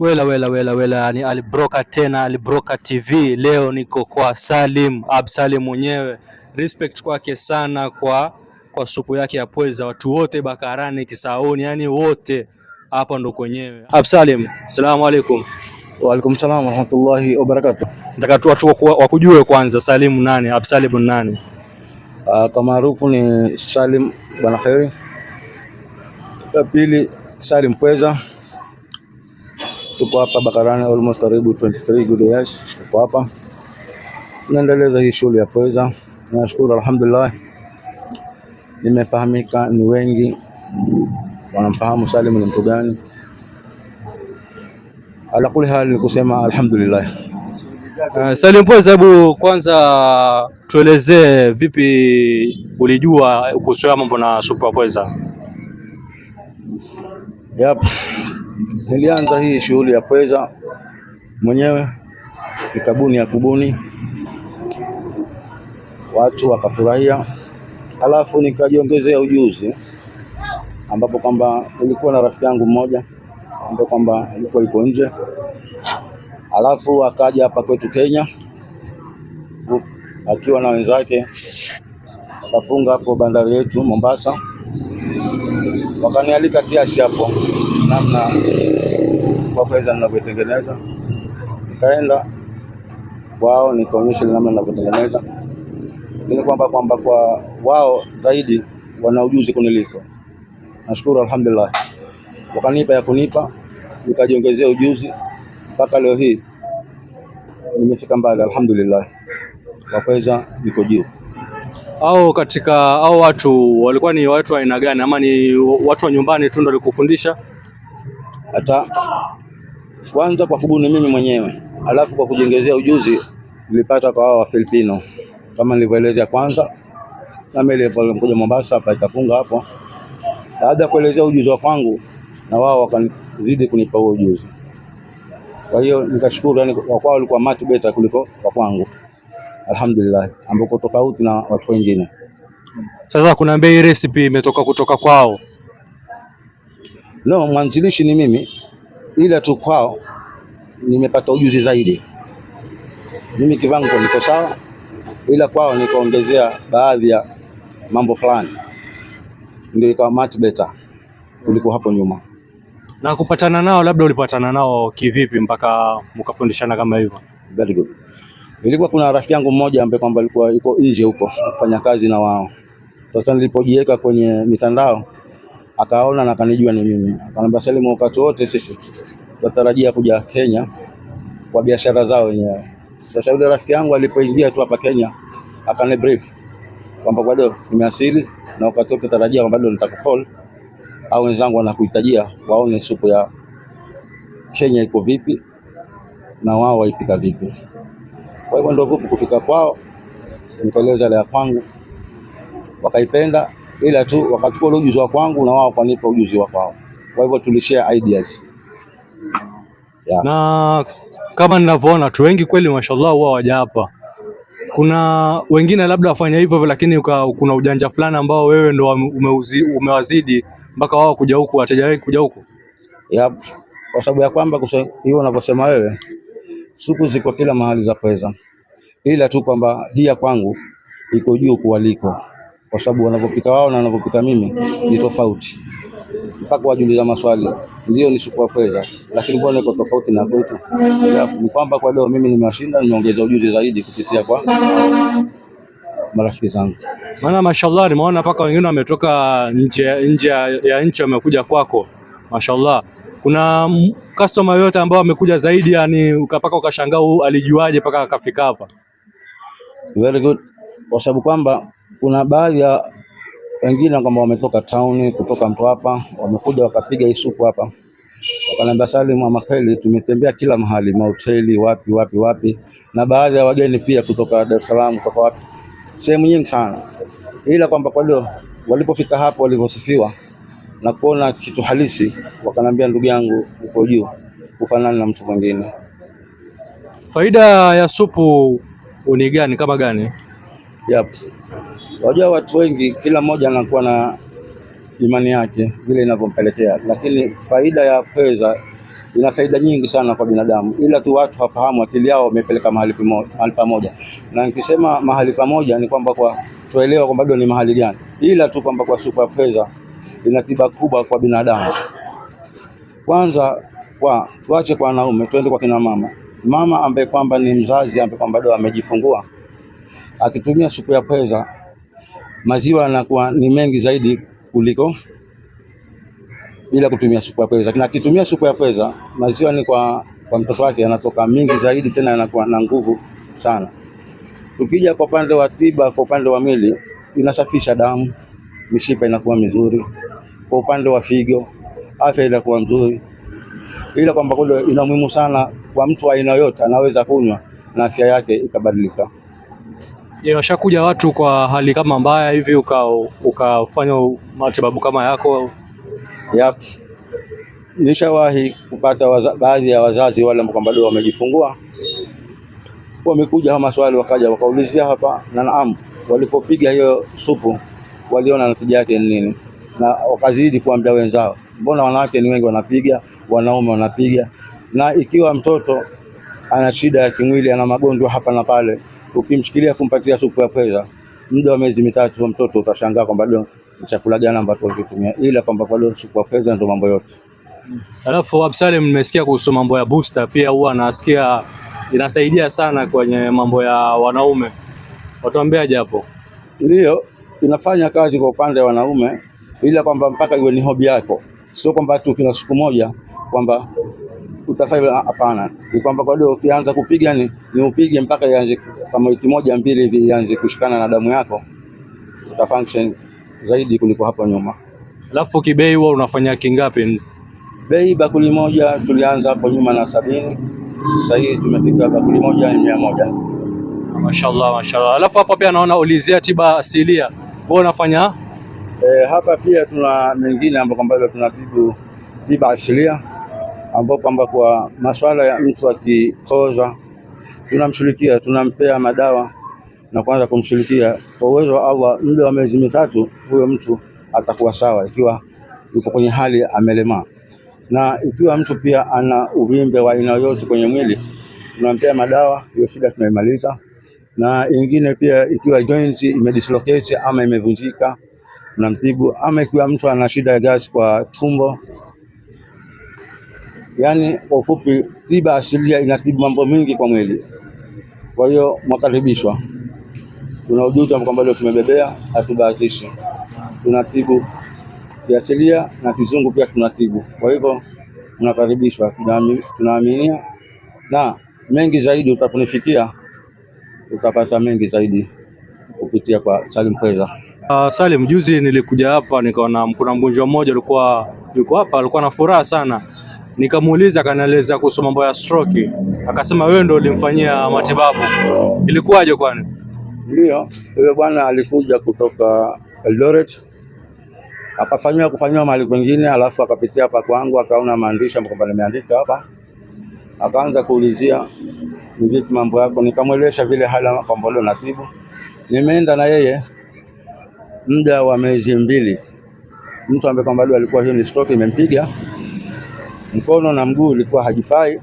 Wela wela wela wela, ni Alibroka tena, Alibroka TV. Leo niko kwa Salim Absalim mwenyewe, respect kwake sana kwa kwa supu yake ya pweza, watu wote Bakarani, Kisauni, yani wote hapa ndo kwenyewe. Absalim, asalamu alaykum. Wa alaykum salaam wa rahmatullahi wa barakatuh. Nataka tu watu wakujue kwanza, Salim nani? Absalim nani? Uh, kwa maarufu ni Salim bwana Khairi, pili Salim pweza Tuko hapa Bakarani almost karibu 23 good years. Tuko hapa naendeleza hii shughuli ya pweza. Nashukuru alhamdulillah, nimefahamika, ni wengi wanamfahamu salimu ni mtu gani. Ala kuli hali ni kusema alhamdulillah. Uh, Salim Pweza, hebu kwanza tuelezee vipi ulijua kuhusu mambo na Super Pweza? Yep. Nilianza hii shughuli ya pweza mwenyewe, nikabuni ya kubuni, watu wakafurahia, alafu nikajiongezea ujuzi, ambapo kwamba nilikuwa na rafiki yangu mmoja ambaye kwamba alikuwa yuko nje, alafu akaja hapa kwetu Kenya akiwa na wenzake, akafunga hapo bandari yetu Mombasa wakanialika kiasi hapo, namna kwa kuweza ninavyotengeneza, nikaenda wao nikaonyesha namna ninavyotengeneza, lakini kwamba kwamba kwa wao zaidi wana ujuzi kuniliko. Nashukuru, alhamdulillah, wakanipa ya kunipa, nikajiongezea ujuzi mpaka leo hii nimefika mbali, alhamdulillah, wakweza niko juu au katika au watu walikuwa ni watu wa aina gani, ama ni watu wa nyumbani tu ndio walikufundisha? Hata kwanza kwa kubuni mimi mwenyewe, alafu kwa kujengezea ujuzi nilipata kwa wao wa Filipino kama nilivyoelezea kwanza, mimi nilipokuja Mombasa hapa ikafunga hapo. Baada ya kuelezea ujuzi wa kwangu, na wao wakazidi kunipa huo ujuzi. Kwa hiyo nikashukuru, yani kwa kwao walikuwa much better kuliko kwa kwangu alhamdulillah, ambako tofauti na watu wengine. Sasa kuna bei recipe imetoka kutoka kwao? No, mwanzilishi ni mimi, ila tu kwao nimepata ujuzi zaidi. Mimi kivango niko sawa, ila kwao nikaongezea baadhi ya mambo fulani, ndio ikawa much better kuliko hapo nyuma. Na kupatana nao, labda ulipatana nao kivipi mpaka mkafundishana kama hivyo? Very good. Ilikuwa kuna rafiki yangu mmoja ambaye kwamba alikuwa yuko nje huko kufanya kazi na wao. Sasa nilipojiweka kwenye mitandao akaona na akanijua ni mimi, akanambia Salimu, wakati wote sisi tunatarajia kuja Kenya kwa biashara zao wenyewe. Sasa yule rafiki yangu alipoingia tu hapa Kenya akani brief kwamba bado nimeasili na wakati wote tarajia kwamba bado nitakupol au wenzangu wanakuhitajia waone supu ya Kenya iko vipi na wao waipika vipi. Kwa hivyo ndio vipi kufika kwao, nikaeleza ile ya kwangu, wakaipenda, ila tu wakachukua ile ujuzi wa kwangu na wao kanipa ujuzi wa kwao. Kwa hivyo tulishare ideas yeah. Na kama ninavyoona watu wengi kweli, mashallah, huwa waja hapa. Kuna wengine labda wafanya hivyo, lakini uka, kuna ujanja fulani ambao wewe ndo umeuzi, umewazidi mpaka wao kuja huku, wateja wengi kuja huku yep. Kwa sababu ya kwamba hiyo unavyosema wewe suku ziko kila mahali za pesa, ila tu kwamba hii ya kwangu iko juu kuwaliko, kwa sababu wanavyopika wao na wanavyopika mimi ni tofauti, mpaka wajiuliza maswali. Ndio ni suku ya lakini mbona iko tofauti na kwetu? Ni kwamba kwa leo mimi nimewashinda, nimeongeza ujuzi zaidi kupitia kwa marafiki zangu, maana mashallah, nimeona mpaka wengine wametoka nje ya nchi wamekuja kwako, mashallah kuna customer yote ambao amekuja zaidi, yani ukapaka ukashangaa alijuaje paka akafika hapa? Very good, kwa sababu kwamba kuna baadhi ya wengine kwamba wametoka town kutoka mtu hapa wamekuja wakapiga isuku hapa, wakanambia Salim Mwamakeli, tumetembea kila mahali, mahoteli wapi wapi wapi, na baadhi ya wageni pia kutoka Dar es Salaam, kutoka wapi, sehemu nyingi sana, ila kwamba kwa leo walipofika hapo walivyosifiwa na kuona kitu halisi, wakanambia ndugu yangu uko juu, kufanana na mtu mwingine. Faida ya supu ni gani kama gani? Yep. Wajua watu wengi, kila mmoja anakuwa na imani yake vile inavyompelekea, lakini faida ya pweza ina faida nyingi sana kwa binadamu, ila tu watu hawafahamu, akili yao wamepeleka mahali pamoja. Na nikisema mahali pamoja ni kwamba kwa tuelewa kwamba bado ni mahali gani, ila tu kwamba kwa supu ya pweza ina tiba kubwa kwa binadamu. Kwanza kwa tuache kwa wanaume, twende kwa kina mama. Mama ambaye kwamba ni mzazi ambaye kwamba bado amejifungua, akitumia supu ya pweza, maziwa yanakuwa ni mengi zaidi kuliko bila kutumia supu ya pweza. Lakini akitumia supu ya pweza, maziwa ni kwa, kwa mtoto wake yanatoka mingi zaidi, tena yanakuwa na nguvu sana. Tukija kwa upande wa tiba, kwa upande wa mili, inasafisha damu, mishipa inakuwa mizuri kwa upande wa figo, afya inakuwa nzuri, ila kwamba kule ina muhimu sana kwa mtu aina yote, anaweza kunywa na afya yake ikabadilika. Je, washakuja watu kwa hali kama mbaya hivi ukafanya uka matibabu kama yako? Yep. Nishawahi kupata waza, baadhi ya wazazi wale ambao kwamba wamejifungua wamekuja maswali, wakaja wakaulizia hapa na naam, walipopiga hiyo supu waliona natija yake ni nini na wakazidi kuambia wenzao, mbona wanawake ni wengi wanapiga, wanaume wanapiga. Na ikiwa mtoto ana shida ya kimwili, ana magonjwa hapa na pale, ukimshikilia kumpatia supu ya pweza, muda wa miezi mitatu, mtoto utashangaa kwamba bado chakula gani ambacho alitumia, ila kwamba bado supu ya pweza ndio mambo yote. Alafu Absalom, nimesikia kuhusu mambo ya booster pia, huwa nasikia inasaidia sana kwenye mambo ya wanaume, watuambia japo. Ndio inafanya kazi kwa upande wa wanaume ila kwamba mpaka iwe ni hobi yako, sio kwamba tu kila siku moja kwamba utafanya. Hapana, ni kwamba kwa leo ukianza kupiga ni, ni upige mpaka ianze kama wiki moja mbili hivi ianze kushikana na damu yako, uta function zaidi kuliko hapo nyuma. Alafu kibei huwa unafanya kingapi? Bei bakuli moja tulianza hapo nyuma na sabini, sasa hivi tumefika bakuli moja ni mia moja. Mashallah, mashallah. Alafu hapo pia naona ulizia tiba asilia, wewe unafanya E, hapa pia tuna mengine ambayo kwamba tunatibu tiba asilia ambapo kwamba kwa masuala ya mtu akikozwa, tunamshirikia tunampea madawa na kuanza kumshirikia kwa uwezo wa Allah, muda wa miezi mitatu huyo mtu atakuwa sawa, ikiwa yuko kwenye hali amelemaa. Na ikiwa mtu pia ana uvimbe wa aina yoyote kwenye mwili, tunampea madawa, hiyo shida tunaimaliza. Na ingine pia ikiwa joint imedislocate ama imevunjika namtibu, ama ikiwa mtu ana shida ya gasi kwa tumbo. Yaani kwa ufupi, tiba asilia inatibu mambo mingi kwa mwili. Kwa hiyo mwakaribishwa, tuna ujuzi kwamba leo tumebebea, hatubahatishi. Tunatibu kiasilia na kizungu pia tunatibu. Kwa hivyo mnakaribishwa, tunaaminia na mengi zaidi utakunifikia, utapata mengi zaidi kupitia kwa Salim Kweza. Uh, Salim, juzi nilikuja hapa nikaona kuna mgonjwa mmoja alikuwa yuko hapa, alikuwa na furaha sana, nikamuuliza akanieleza kuhusu mambo ya stroke, akasema wewe ndio ulimfanyia matibabu. Ilikuwaje kwani? Ndio, huyo bwana alikuja kutoka Eldoret akafanyiwa kufanyiwa mahali kwingine, alafu akapitia hapa kwangu, akaona maandishi ambayo nimeandika hapa, akaanza kuulizia ni vipi mambo yako, nikamwelesha vile hali ambayo natibu. Nimeenda na yeye muda wa miezi mbili. Mtu ambaye kwamba bado alikuwa hiyo ni stroke imempiga mkono na mguu, ulikuwa hajifai,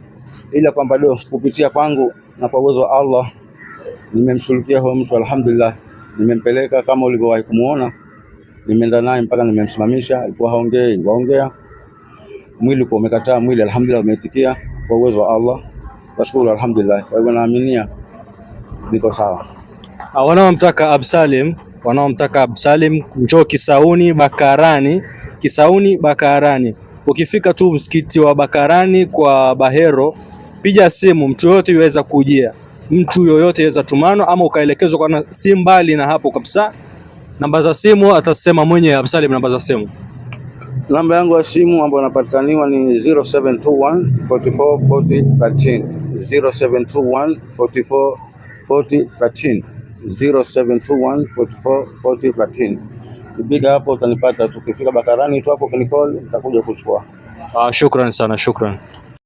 ila kwamba leo kupitia kwangu na kwa uwezo wa Allah nimemshughulikia huyo mtu alhamdulillah, nimempeleka kama ulivyowahi kumuona, nimeenda naye mpaka nimemsimamisha. Alikuwa haongei, waongea mwili kwa umekataa, mwili alhamdulillah umeitikia kwa uwezo wa Allah, nashukuru alhamdulillah. Kwa hivyo naaminia niko sawa. Wanaomtaka Absalim wanaomtaka Absalim, njoo Kisauni Bakarani, Kisauni Bakarani. Ukifika tu msikiti wa Bakarani kwa Bahero, piga simu, mtu yoyote yuweza kujia, mtu yoyote yuweza tumano, ama ukaelekezwa kwa si mbali na hapo kabisa. Namba za simu atasema mwenye Absalim, namba za simu namba yangu ya simu ambayo inapatikaniwa ni 0721 44 40 13 0721 44 40 13. 0721 44 40 13. hapo utanipata, tukifika Bakarani tu hapo kunikoli, nitakuja kuchukua. Ah, shukran sana, shukran.